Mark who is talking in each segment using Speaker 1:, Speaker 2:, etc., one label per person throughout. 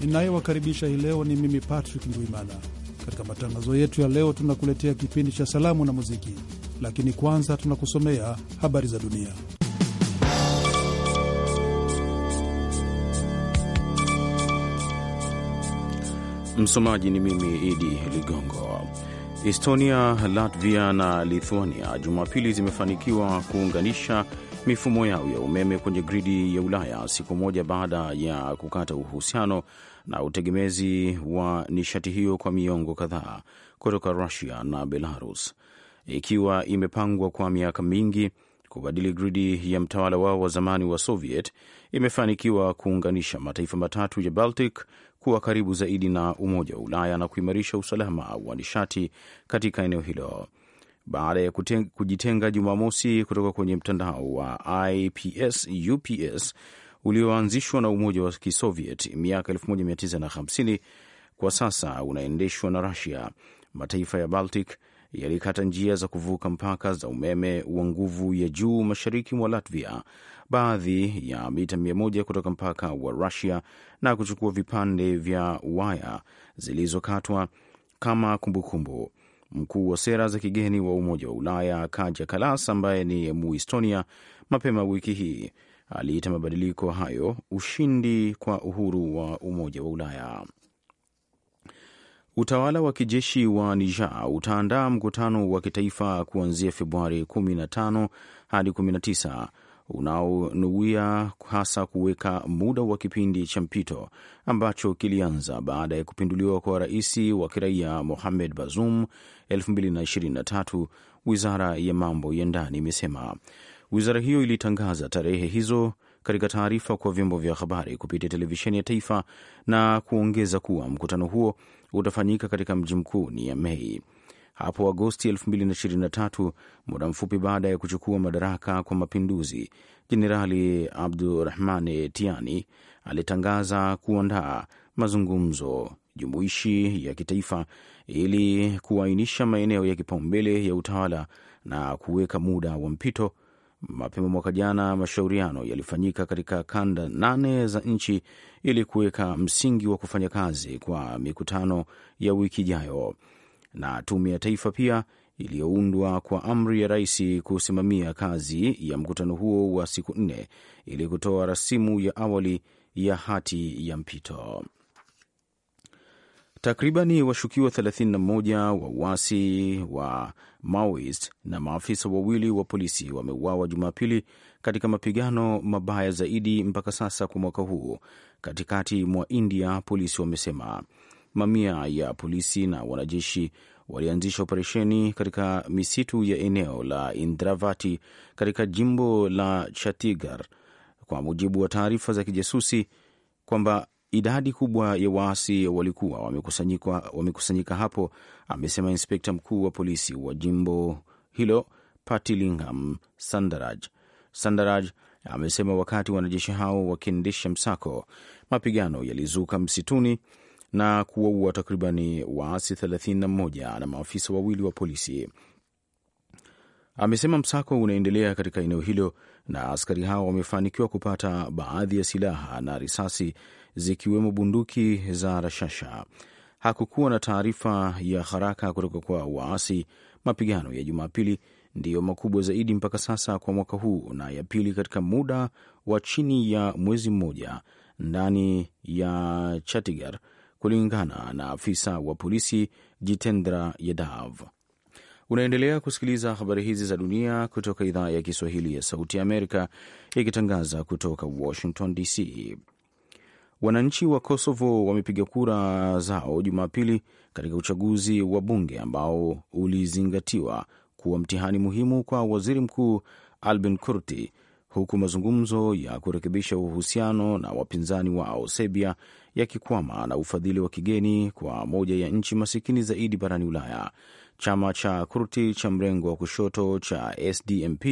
Speaker 1: ninayewakaribisha hii leo ni mimi Patrick Ndwimana. Katika matangazo yetu ya leo, tunakuletea kipindi cha salamu na muziki, lakini kwanza tunakusomea habari za dunia.
Speaker 2: Msomaji ni mimi Idi Ligongo. Estonia, Latvia na Lithuania Jumapili zimefanikiwa kuunganisha mifumo yao ya umeme kwenye gridi ya Ulaya siku moja baada ya kukata uhusiano na utegemezi wa nishati hiyo kwa miongo kadhaa kutoka Rusia na Belarus, ikiwa imepangwa kwa miaka mingi kubadili gridi ya mtawala wao wa zamani wa Soviet, imefanikiwa kuunganisha mataifa matatu ya Baltic kuwa karibu zaidi na Umoja wa Ulaya na kuimarisha usalama wa nishati katika eneo hilo. Baada ya kujitenga Jumamosi kutoka kwenye mtandao wa IPS UPS, ulioanzishwa na Umoja wa Kisoviet miaka 1950 kwa sasa unaendeshwa na Rusia. Mataifa ya Baltic yalikata njia za kuvuka mpaka za umeme wa nguvu ya juu mashariki mwa Latvia, baadhi ya mita 1 kutoka mpaka wa Rusia, na kuchukua vipande vya waya zilizokatwa kama kumbukumbu kumbu. Mkuu wa sera za kigeni wa Umoja wa Ulaya Kaja Kalas, ambaye ni Muestonia, mapema wiki hii aliita mabadiliko hayo ushindi kwa uhuru wa Umoja wa Ulaya. Utawala wa kijeshi wa Niger utaandaa mkutano wa kitaifa kuanzia Februari 15 hadi 19 unaonuia hasa kuweka muda wa kipindi cha mpito ambacho kilianza baada ya kupinduliwa kwa rais wa kiraia Mohamed Bazoum 2023, wizara ya mambo ya ndani imesema. Wizara hiyo ilitangaza tarehe hizo katika taarifa kwa vyombo vya habari kupitia televisheni ya taifa na kuongeza kuwa mkutano huo utafanyika katika mji mkuu Niamey hapo Agosti 2023, muda mfupi baada ya kuchukua madaraka kwa mapinduzi. Jenerali Abdurahman Tiani alitangaza kuandaa mazungumzo jumuishi ya kitaifa ili kuainisha maeneo ya kipaumbele ya utawala na kuweka muda wa mpito Mapema mwaka jana, mashauriano yalifanyika katika kanda nane za nchi ili kuweka msingi wa kufanya kazi kwa mikutano ya wiki ijayo, na tume ya taifa pia iliyoundwa kwa amri ya rais kusimamia kazi ya mkutano huo wa siku nne ili kutoa rasimu ya awali ya hati ya mpito. Takribani washukiwa 31 wa uasi wa Maoist na maafisa wawili wa polisi wameuawa Jumapili katika mapigano mabaya zaidi mpaka sasa kwa mwaka huu katikati mwa India, polisi wamesema. Mamia ya polisi na wanajeshi walianzisha operesheni katika misitu ya eneo la Indravati katika jimbo la Chatigar, kwa mujibu wa taarifa za kijasusi kwamba Idadi kubwa ya waasi walikuwa wamekusanyika, wamekusanyika hapo, amesema inspekta mkuu wa polisi wa jimbo hilo Patilingham Sandaraj. Sandaraj amesema wakati wanajeshi hao wakiendesha msako, mapigano yalizuka msituni na kuwaua takribani waasi 31 na maafisa wawili wa polisi. Amesema msako unaendelea katika eneo hilo na askari hao wamefanikiwa kupata baadhi ya silaha na risasi zikiwemo bunduki za rashasha. Hakukuwa na taarifa ya haraka kutoka kwa waasi. Mapigano ya Jumapili ndiyo makubwa zaidi mpaka sasa kwa mwaka huu na ya pili katika muda wa chini ya mwezi mmoja ndani ya chatigar kulingana na afisa wa polisi Jitendra Yadav. Unaendelea kusikiliza habari hizi za dunia kutoka idhaa ya Kiswahili ya Sauti ya Amerika ikitangaza kutoka Washington DC. Wananchi wa Kosovo wamepiga kura zao Jumapili katika uchaguzi wa bunge ambao ulizingatiwa kuwa mtihani muhimu kwa waziri mkuu Albin Kurti, huku mazungumzo ya kurekebisha uhusiano na wapinzani wao Serbia yakikwama na ufadhili wa kigeni kwa moja ya nchi masikini zaidi barani Ulaya. Chama cha Kurti cha mrengo wa kushoto cha SDMP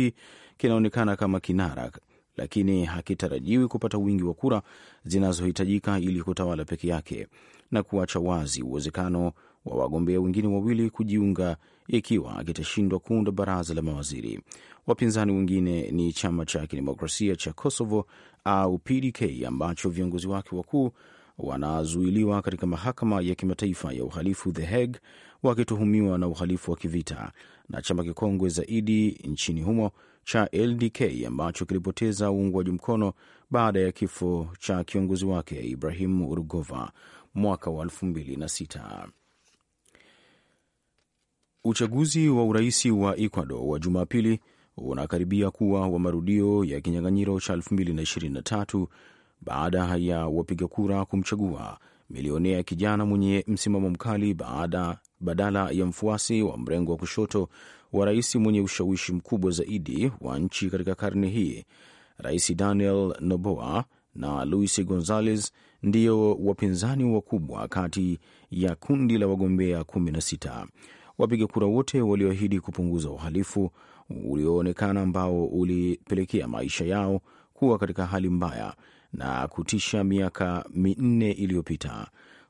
Speaker 2: kinaonekana kama kinara, lakini hakitarajiwi kupata wingi wa kura zinazohitajika ili kutawala peke yake na kuacha wazi uwezekano wa wagombea wengine wawili kujiunga ikiwa kitashindwa kuunda baraza la mawaziri. Wapinzani wengine ni chama cha kidemokrasia cha Kosovo au PDK ambacho viongozi wake wakuu wanazuiliwa katika mahakama ya kimataifa ya uhalifu The Hague wakituhumiwa na uhalifu wa kivita na chama kikongwe zaidi nchini humo cha LDK ambacho kilipoteza uungwaji mkono baada ya kifo cha kiongozi wake Ibrahim Rugova mwaka wa 26 Uchaguzi wa urais wa Ecuador wa Jumapili unakaribia kuwa wa marudio ya kinyang'anyiro cha 2023 baada ya wapiga kura kumchagua milionea kijana mwenye msimamo mkali baada badala ya mfuasi wa mrengo wa kushoto wa rais mwenye ushawishi mkubwa zaidi wa nchi katika karne hii. Rais Daniel Noboa na Luis Gonzalez ndiyo wapinzani wakubwa kati ya kundi la wagombea 16. Wapiga kura wote walioahidi kupunguza uhalifu ulioonekana ambao ulipelekea maisha yao kuwa katika hali mbaya na kutisha miaka minne iliyopita.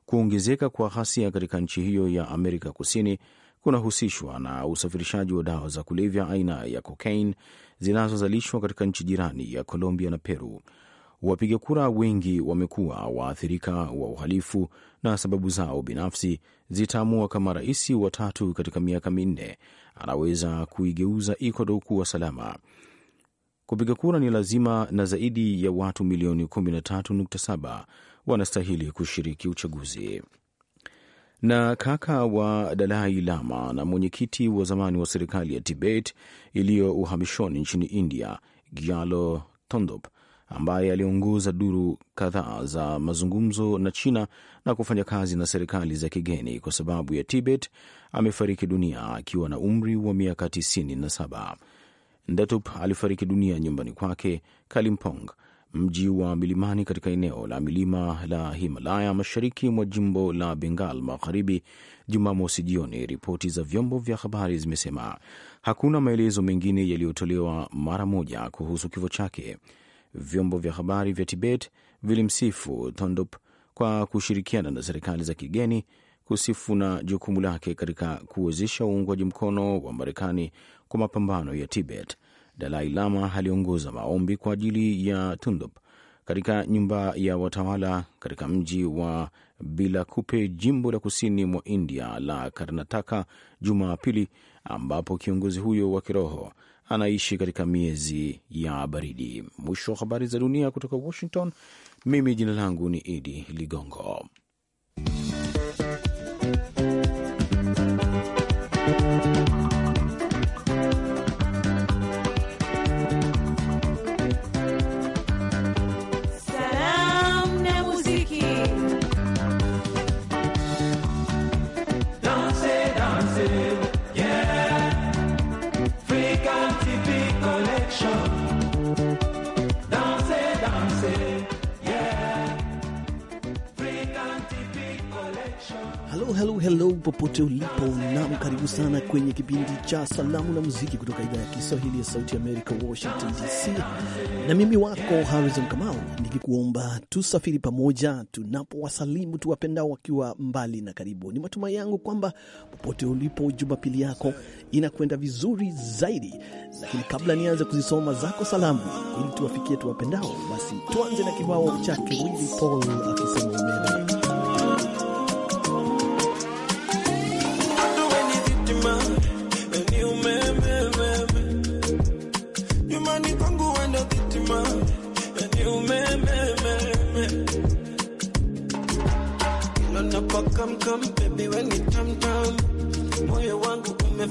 Speaker 2: Kuongezeka kwa ghasia katika nchi hiyo ya Amerika Kusini kunahusishwa na usafirishaji wa dawa za kulevya aina ya kokain zinazozalishwa katika nchi jirani ya Colombia na Peru. Wapiga kura wengi wamekuwa waathirika wa uhalifu na sababu zao binafsi zitaamua kama rais wa tatu katika miaka minne anaweza kuigeuza Ecuador kuwa salama. Kupiga kura ni lazima na zaidi ya watu milioni 13.7 wanastahili kushiriki uchaguzi. Na kaka wa Dalai Lama na mwenyekiti wa zamani wa serikali ya Tibet iliyo uhamishoni nchini India, Gyalo Tondop, ambaye aliongoza duru kadhaa za mazungumzo na China na kufanya kazi na serikali za kigeni kwa sababu ya Tibet, amefariki dunia akiwa na umri wa miaka 97. Ndatup alifariki dunia nyumbani kwake Kalimpong mji wa milimani katika eneo la milima la Himalaya mashariki mwa jimbo la Bengal Magharibi Jumamosi jioni, ripoti za vyombo vya habari zimesema. Hakuna maelezo mengine yaliyotolewa mara moja kuhusu kifo chake. Vyombo vya habari vya Tibet vilimsifu Tondop kwa kushirikiana na serikali za kigeni kusifu na jukumu lake katika kuwezesha uungwaji mkono wa Marekani kwa mapambano ya Tibet. Dalai Lama aliongoza maombi kwa ajili ya Tundup katika nyumba ya watawala katika mji wa bilakupe jimbo la kusini mwa India la Karnataka Jumapili, ambapo kiongozi huyo wa kiroho anaishi katika miezi ya baridi. Mwisho wa habari za dunia kutoka Washington. Mimi jina langu ni Idi Ligongo.
Speaker 3: hello popote ulipo, nam karibu sana kwenye kipindi cha salamu na muziki kutoka idhaa ya Kiswahili ya Sauti ya Amerika, Washington DC, na mimi wako Harrison Kamau nikikuomba tusafiri pamoja tunapowasalimu tuwapendao wakiwa mbali na karibu. Ni matumai yangu kwamba popote ulipo, Jumapili yako inakwenda vizuri zaidi, lakini kabla nianze kuzisoma zako salamu ili tuwafikie tuwapendao, basi tuanze na kibao chake Willy Paul akisema umeme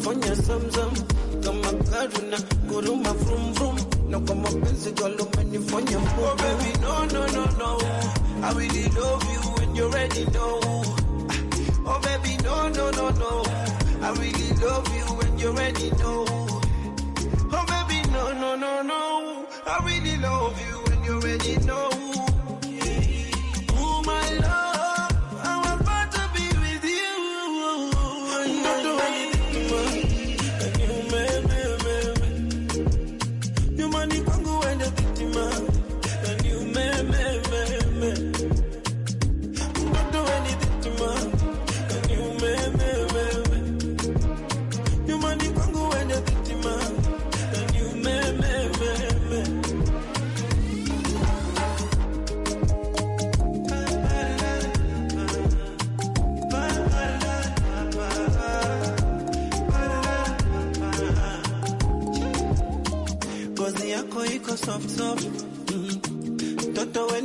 Speaker 4: zamzam kama kuruma vrum vrum na kwa mapenzi Oh baby no no no no I really love you when you already know. Ah, oh baby no no no no I really love you and you already know.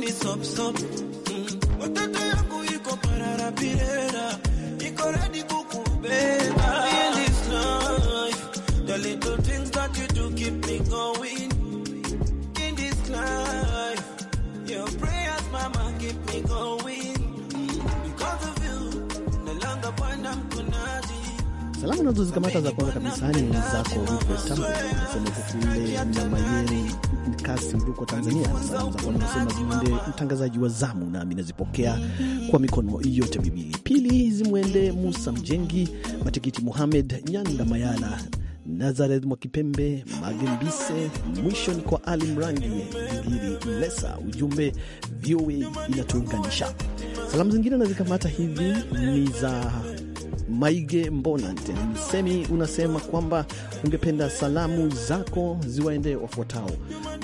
Speaker 4: ni sop sop mm. Watoto yangu iko parara pirera iko ready kukubeba in this life the little things that you do keep me going in this life your prayers mama keep me going mm. because of you no longer bwana mkunaji
Speaker 3: salamu nazo zikamata za kwanza kabisa ni zako Rupestambo anasema kule na Mayeni podcast huko Tanzania nasema zimwende mtangazaji wa zamu, nami nazipokea kwa mikono yote miwili. Pili zimwende Musa Mjengi, Matikiti Muhamed, Nyanda Mayala, Nazareth Mwakipembe Magembise. Mwisho ni kwa Ali Mrangi Ngiri Lesa. Ujumbe VOA inatuunganisha. Salamu zingine nazikamata hivi ni za Maige Mbonant, msemi, unasema kwamba ungependa salamu zako ziwaende wafuatao: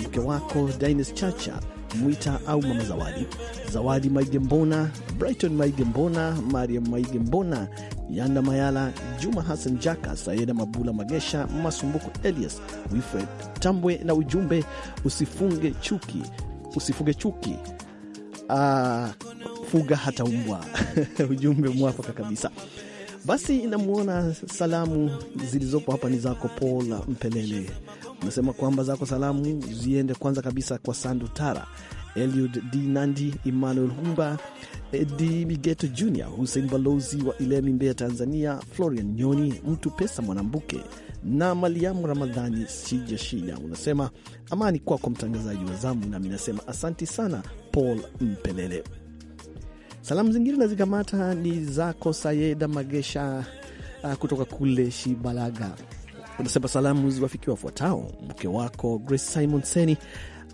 Speaker 3: mke wako Dines Chacha Mwita au Mama Zawadi, Zawadi Maige Mbona, Brighton Maige Mbona, Mariam Maige Mbona, Yanda Mayala, Juma Hassan Jaka, Sayeda Mabula Magesha, Masumbuko Elias, Wilfred Tambwe, na ujumbe usifunge chuki, usifunge chuki uh, fuga hata umbwa. Ujumbe mwafaka kabisa. Basi namwona salamu zilizopo hapa ni zako paul Mpelele, unasema kwamba zako salamu ziende kwanza kabisa kwa sandu tara Eliud D Nandi, Emmanuel Humba, Edi Migeto Jr, Hussein balozi wa Ilemi, Mbeya, Tanzania, Florian Nyoni, Mtu Pesa Mwanambuke na Maliamu Ramadhani Shija Shija. Unasema amani kwako, mtangazaji wa zamu, nami nasema asanti sana Paul Mpelele. Salamu zingine nazikamata ni zako Sayeda Magesha uh, kutoka kule Shibalaga. Unasema salamu ziwafikiwa wafuatao: mke wako Grace Simon Seni,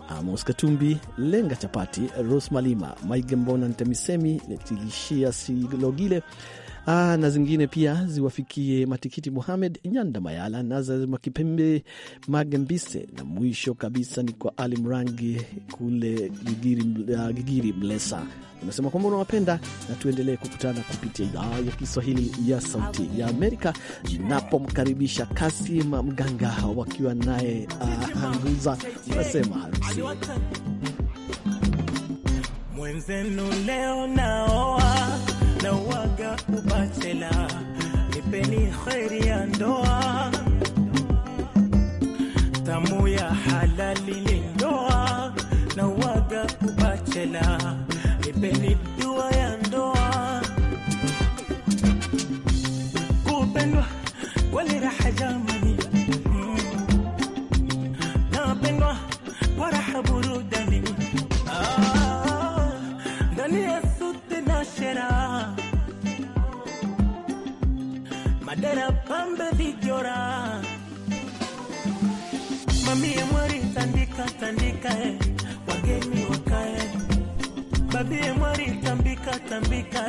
Speaker 3: Amos Katumbi, Lenga Chapati, Rose Malima, Maige Mbona, Ntemisemi Netilishia Silogile Aa, ah, na zingine pia ziwafikie Matikiti Muhamed Nyanda Mayala, naza Makipembe Magembise, na mwisho kabisa ni kwa Ali Mrangi kule Gigiri, uh, Gigiri Mlesa. Unasema kwamba unawapenda na tuendelee kukutana kupitia idhaa ya Kiswahili ya Sauti ya Amerika, napomkaribisha Kasim Mganga wakiwa naye uh, ah, Hanguza unasema
Speaker 4: harusi mwenzenu leo naoa na uaga uba kheri ya ndoa, tamu ya halali ni ndoa na waga kubachela, ipeni dua ya ndoa, kupendwa kweli raha jamaa Mozambique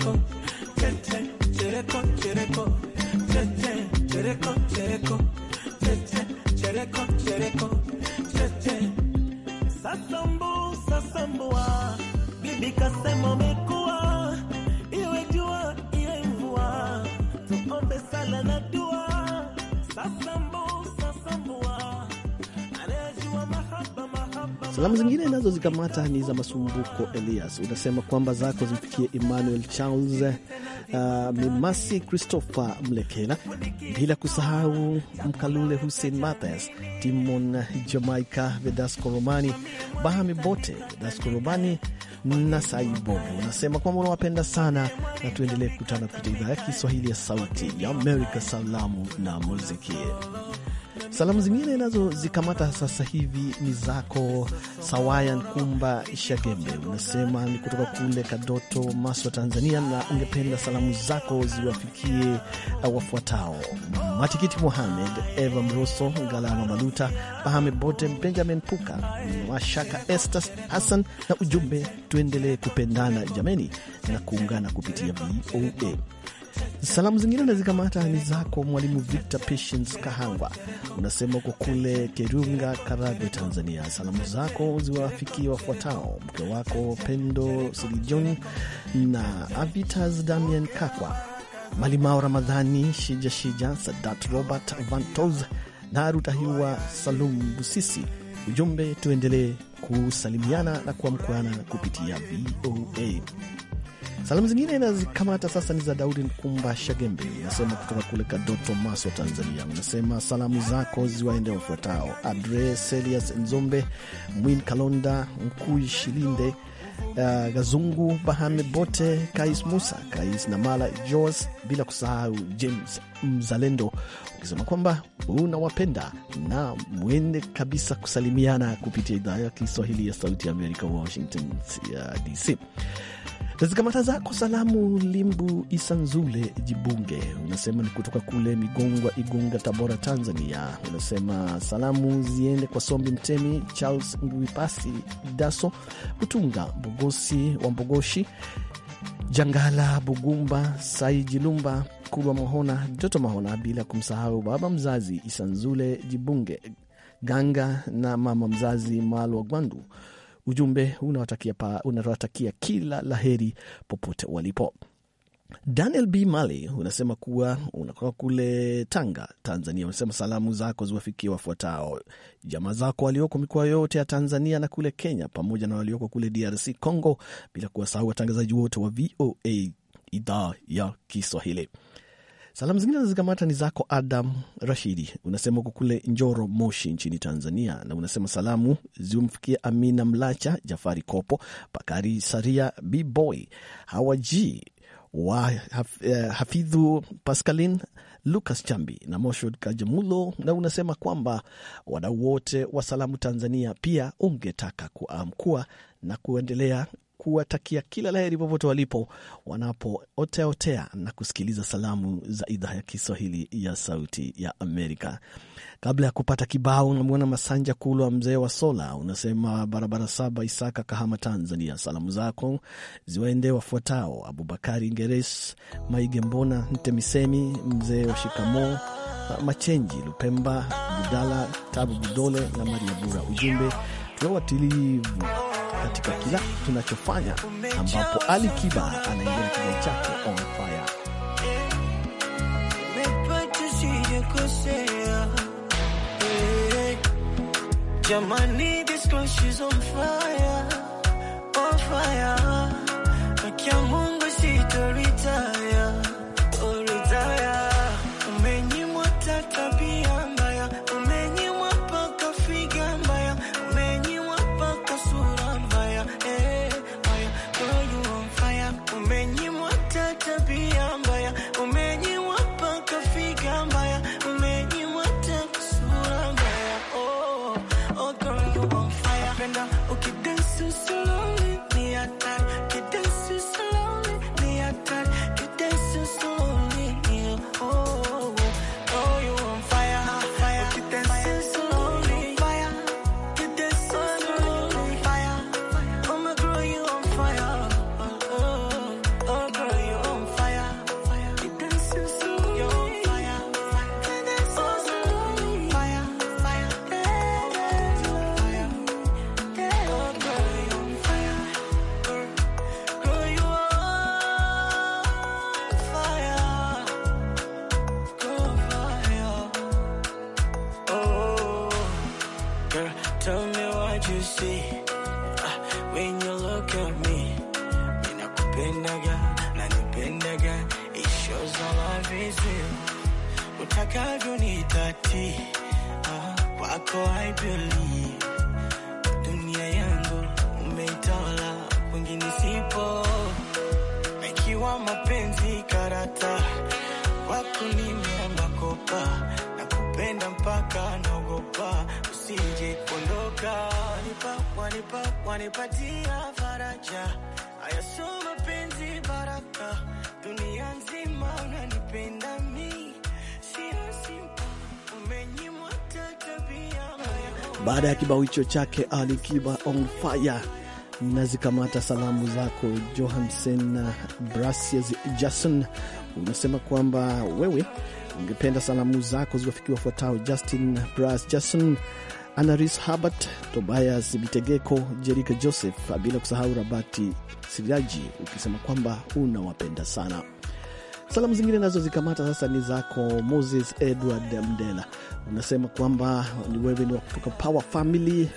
Speaker 4: Oh.
Speaker 3: kuzikamata ni za Masumbuko Elias. Unasema kwamba zako zimfikie Emmanuel Charles, uh, Mimasi Christopher Mlekela, bila kusahau Mkalule Hussein Mathias, Timon Jamaica, Vedasco Romani, Bahami Bote, Vedasco Romani na Saibo. Unasema kwamba unawapenda sana na tuendelee kukutana kupitia idhaa ya Kiswahili ya Sauti ya Amerika. Salamu na muziki. Salamu zingine nazo zikamata sasa hivi ni zako Sawaya Nkumba Shagembe, unasema ni kutoka kule Kadoto, Maswa, Tanzania, na ungependa salamu zako ziwafikie uh, wafuatao: Matikiti Mohamed, Eva Mroso, Galama Maluta, Bahame Bote, Benjamin Puka, mashaka Ester Hassan, na ujumbe tuendelee kupendana jameni na kuungana kupitia VOA. Salamu zingine nazikamata ni zako Mwalimu Victor Patience Kahangwa, unasema uko kule Kerunga, Karagwe, Tanzania. Salamu zako ziwafikie wafuatao: mke wako Pendo Silijon na Avitas Damian Kakwa, Malimao Ramadhani Shijashija, Sadat Robert Vantos na Rutahiwa Salum Busisi. Ujumbe, tuendelee kusalimiana na kuamkuana kupitia VOA. Salamu zingine nazikamata sasa ni za Daudi Nkumba Shagembe, inasema kutoka kule Kadoto, Maswa, Tanzania. Unasema salamu zako ziwaende wafuatao: Andre Selias Nzombe, Mwin Kalonda Nkui Shilinde, Uh, Gazungu Bahame Bote, Kais Musa, Kais Namala Jos, bila kusahau James Mzalendo, ukisema kwamba unawapenda na mwende kabisa kusalimiana kupitia idhaa ya Kiswahili ya Sauti ya Amerika, Washington DC. Uh, tazikamata zako salamu. Limbu Isanzule Jibunge unasema ni kutoka kule Migongwa, Igunga, Tabora, Tanzania. Unasema salamu ziende kwa Sombi Mtemi, Charles Ngwipasi, Daso Butunga, Mbogosi wa Mbogoshi, Jangala Bugumba, Sai Jilumba, Kulwa Mahona, Doto Mahona, bila kumsahau baba mzazi Isanzule Jibunge Ganga na mama mzazi Malwa Gwandu Ujumbe unawatakia kila laheri popote walipo. Daniel B Mali unasema kuwa unakuwa kule Tanga, Tanzania. Unasema salamu zako ziwafikie wafuatao: jamaa zako walioko mikoa yote ya Tanzania na kule Kenya, pamoja na walioko kule DRC Congo, bila kuwasahau watangazaji wote wa VOA idhaa ya Kiswahili. Salamu zingine nazikamata ni zako Adam Rashidi, unasema uko kule Njoro, Moshi nchini Tanzania, na unasema salamu ziumfikia Amina Mlacha, Jafari Kopo, Bakari Saria, Bboy Hawaji wa haf, eh, Hafidhu Pascalin Lucas Chambi na Moshod Kajamulo, na unasema kwamba wadau wote wa salamu Tanzania pia ungetaka kuamkua na kuendelea kuwatakia kila laheri popote walipo wanapooteaotea otea na kusikiliza salamu za idhaa ya Kiswahili ya Sauti ya Amerika. Kabla ya kupata kibao, unamwona Masanja Kulwa, mzee wa Sola, unasema barabara saba, Isaka, Kahama, Tanzania. Salamu zako ziwaende wafuatao: Abubakari Ngeres, Maige Mbona, Ntemisemi, mzee wa shikamo Machenji Lupemba, Budala Tabu Budole na Maria Bura. Ujumbe tuwe katika kila tunachofanya, ambapo Ali Kiba anaingia kibao chake on fire.
Speaker 4: Jamani, this on fire, on fire. Mungu unanipenda ukidance yako haipyoli, dunia yangu umeitawala, wengine sipo, ikiwa mapenzi karata wako nime makopa na kupenda mpaka naogopa usije kuondoka, wanipa wanipatia faraja ayasoma mapenzi baraka dunia nzima unanipenda
Speaker 3: Baada ya kibao hicho chake Ali Kiba on fire, nazikamata salamu zako Johansen Brasies Jason, unasema kwamba wewe ungependa salamu zako ziwafikia wafuatao: Justin Bras Jason, Anaris Habert, Tobias Bitegeko, Jerika Joseph, bila kusahau Rabati siriaji ukisema kwamba unawapenda sana. Salamu zingine nazo zikamata sasa ni zako Moses Edward Mdela, unasema kwamba ni wewe ni wa kutoka Power Family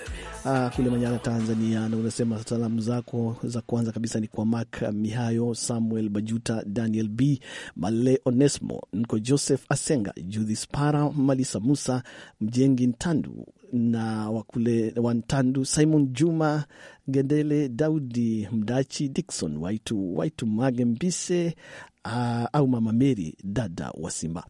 Speaker 3: uh, kule Manyara, Tanzania, na unasema salamu zako za kwanza kabisa ni kwa Mak Mihayo, Samuel Bajuta, Daniel B Male, Onesmo Nko, Joseph Asenga, Judhi Para, Malisa Musa Mjengi Ntandu, na wakule Wantandu, Simon Juma Gendele, Daudi Mdachi, Dikson Waitu, Waitu Mage Mbise, uh, au Mama Meri dada wa Simba.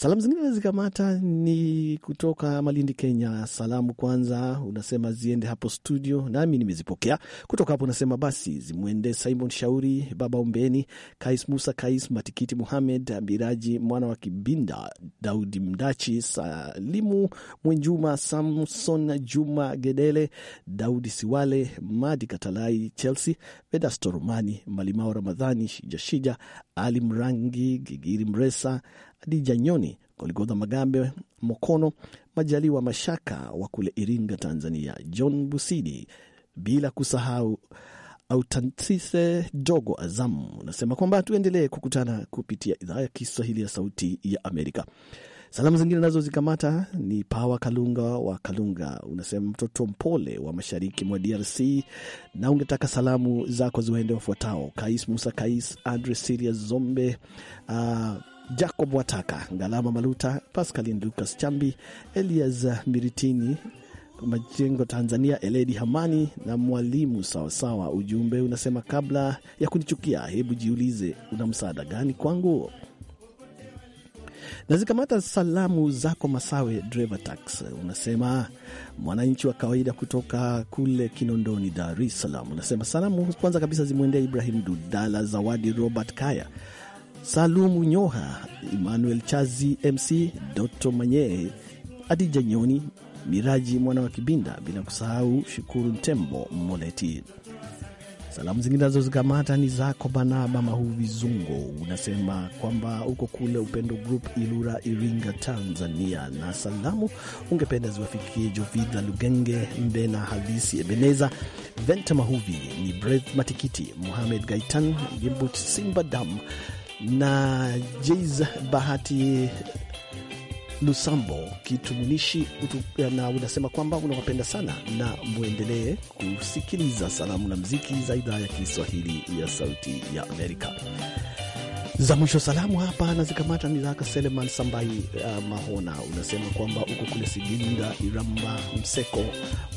Speaker 3: Salamu zingine nazikamata ni kutoka Malindi, Kenya. Salamu kwanza unasema ziende hapo studio, nami nimezipokea kutoka hapo. Unasema basi zimwende Simon Shauri, Baba Ombeni, Kais Musa, Kais Matikiti, Muhamed Biraji, mwana wa Kibinda, Daudi Mdachi, Salimu Mwenjuma, Samson Juma Gedele, Daudi Siwale, Madi Katalai, Chelsea Vedasto Romani, Malimao Ramadhani, Shijashija, Ali Mrangi, Gigiri Mresa Adija Nyoni, Goligotha Magambe Mokono, Majaliwa Mashaka wa kule Iringa, Tanzania, John Busidi, bila kusahau Autantise Dogo Azam. Unasema kwamba tuendelee kukutana kupitia idhaa ya Kiswahili ya Sauti ya Amerika. Salamu zingine nazo zikamata ni Pawa Kalunga wa Kalunga, unasema mtoto mpole wa mashariki mwa DRC, na ungetaka salamu zako ziwaende wafuatao: Kais Musa Kais, Andre Siria Zombe, uh, Jacob Wataka, Ngalama Maluta, Pascalin Lucas Chambi, Elias Miritini Majengo Tanzania, Eledi Hamani na Mwalimu Sawasawa. Ujumbe unasema kabla ya kunichukia, hebu jiulize una msaada gani kwangu. Nazikamata salamu zako Masawe Driver Tax, unasema mwananchi wa kawaida kutoka kule Kinondoni, Dar es Salaam. Unasema salamu kwanza kabisa zimwendea Ibrahim Dudala, Zawadi Robert Kaya Salumu Nyoha, Emmanuel Chazi, MC Doto Manyee, Adija Nyoni, Miraji mwana wa Kibinda, bila kusahau Shukuru Ntembo Moleti. Salamu zingine nazozikamata ni zako Banaba Mahuvi Zungo, unasema kwamba uko kule Upendo Group, Ilura, Iringa, Tanzania, na salamu ungependa ziwafikie Jovidha Lugenge, Mbena Halisi, Ebeneza Venta Mahuvi, ni Breth Matikiti, Muhamed Gaitan, Gimbut Simba Dam na jas Bahati Lusambo Kitumulishi utu, na unasema kwamba unawapenda sana na mwendelee kusikiliza salamu na mziki za idhaa ya Kiswahili ya Sauti ya Amerika za mwisho salamu hapa nazikamata ni zaka Seleman Sambai uh, Mahona, unasema kwamba uko kule Siginda, Iramba, Mseko,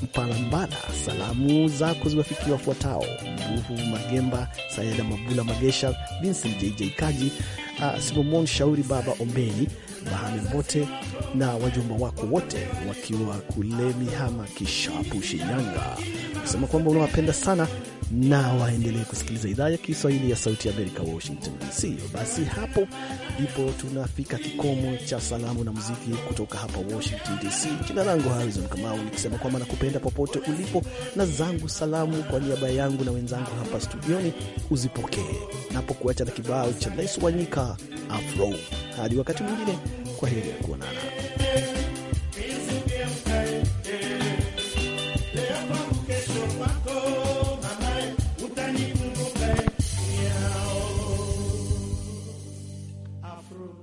Speaker 3: Mpalambala. Salamu zako ziwafikia wafuatao: Mbuvu Magemba, Sayada Mabula, Magesha Vincent, JJ Kaji, uh, Simomon Shauri, Baba Ombeni Bahame Mbote na wajumba wako wote wakiwa kule Mihama, Kishapu, Shinyanga. Unasema kwamba unawapenda sana na waendelee kusikiliza idhaa ya Kiswahili ya Sauti ya Amerika, Washington DC. Basi hapo ndipo tunafika kikomo cha salamu na muziki kutoka hapa Washington DC. Jina langu Harrison Kamau, nikisema kwamba nakupenda popote ulipo, na zangu salamu kwa niaba yangu na wenzangu hapa studioni uzipokee, napokuacha na kibao cha Les Wanyika Afro. Hadi wakati mwingine, kwa heri ya kuonana. through.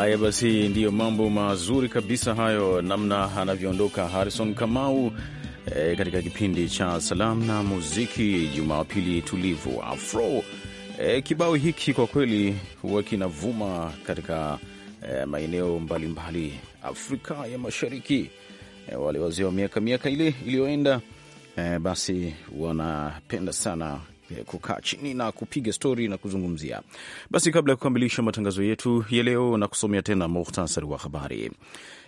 Speaker 2: Haya basi, ndiyo mambo mazuri kabisa hayo, namna anavyoondoka Harrison Kamau e, katika kipindi cha salamu na muziki Jumapili tulivu afro e, kibao hiki kwa kweli huwa kinavuma katika e, maeneo mbalimbali Afrika ya Mashariki. E, wale wazee wa miaka miaka ile iliyoenda e, basi wanapenda sana kukaa chini na kupiga stori na kuzungumzia. Basi kabla ya kukamilisha matangazo yetu ya leo na kusomea tena muhtasari wa habari,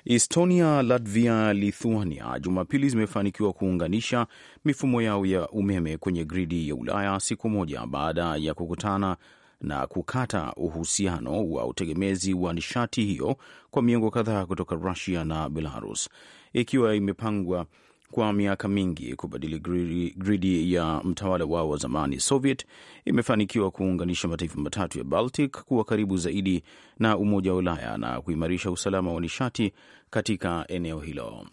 Speaker 2: Estonia, Latvia, Lithuania Jumapili zimefanikiwa kuunganisha mifumo yao ya umeme kwenye gridi ya Ulaya siku moja baada ya kukutana na kukata uhusiano wa utegemezi wa nishati hiyo kwa miongo kadhaa kutoka Rusia na Belarus, ikiwa imepangwa kwa miaka mingi kubadili gridi ya mtawala wao wa zamani Soviet, imefanikiwa kuunganisha mataifa matatu ya Baltic kuwa karibu zaidi na Umoja wa Ulaya na kuimarisha usalama wa nishati katika eneo hilo.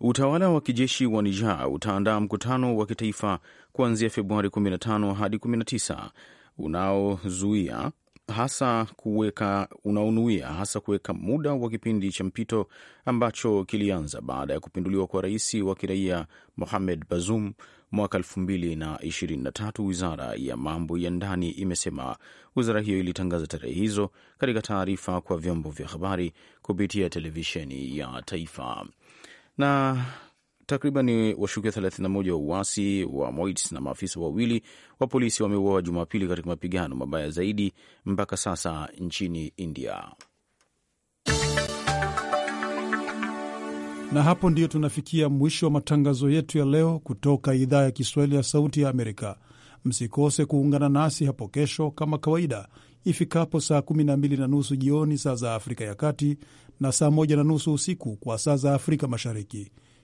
Speaker 2: Utawala wa kijeshi wa Niger utaandaa mkutano wa kitaifa kuanzia Februari 15 hadi 19 unaozuia hasa kuweka unaonuia hasa kuweka muda wa kipindi cha mpito ambacho kilianza baada ya kupinduliwa kwa rais wa kiraia Mohamed Bazoum mwaka tatu. wizara ya mambo ya ndani imesema. Wizara hiyo ilitangaza tarehe hizo katika taarifa kwa vyombo vya habari kupitia televisheni ya taifa na Takriban washukiwa 31 wa uasi wa Moits na maafisa wawili wa polisi wameuawa Jumapili katika mapigano mabaya zaidi mpaka sasa nchini India.
Speaker 1: Na hapo ndiyo tunafikia mwisho wa matangazo yetu ya leo kutoka idhaa ya Kiswahili ya Sauti ya Amerika. Msikose kuungana nasi hapo kesho kama kawaida ifikapo saa 12 na nusu jioni saa za Afrika ya Kati na saa 1 na nusu usiku kwa saa za Afrika Mashariki.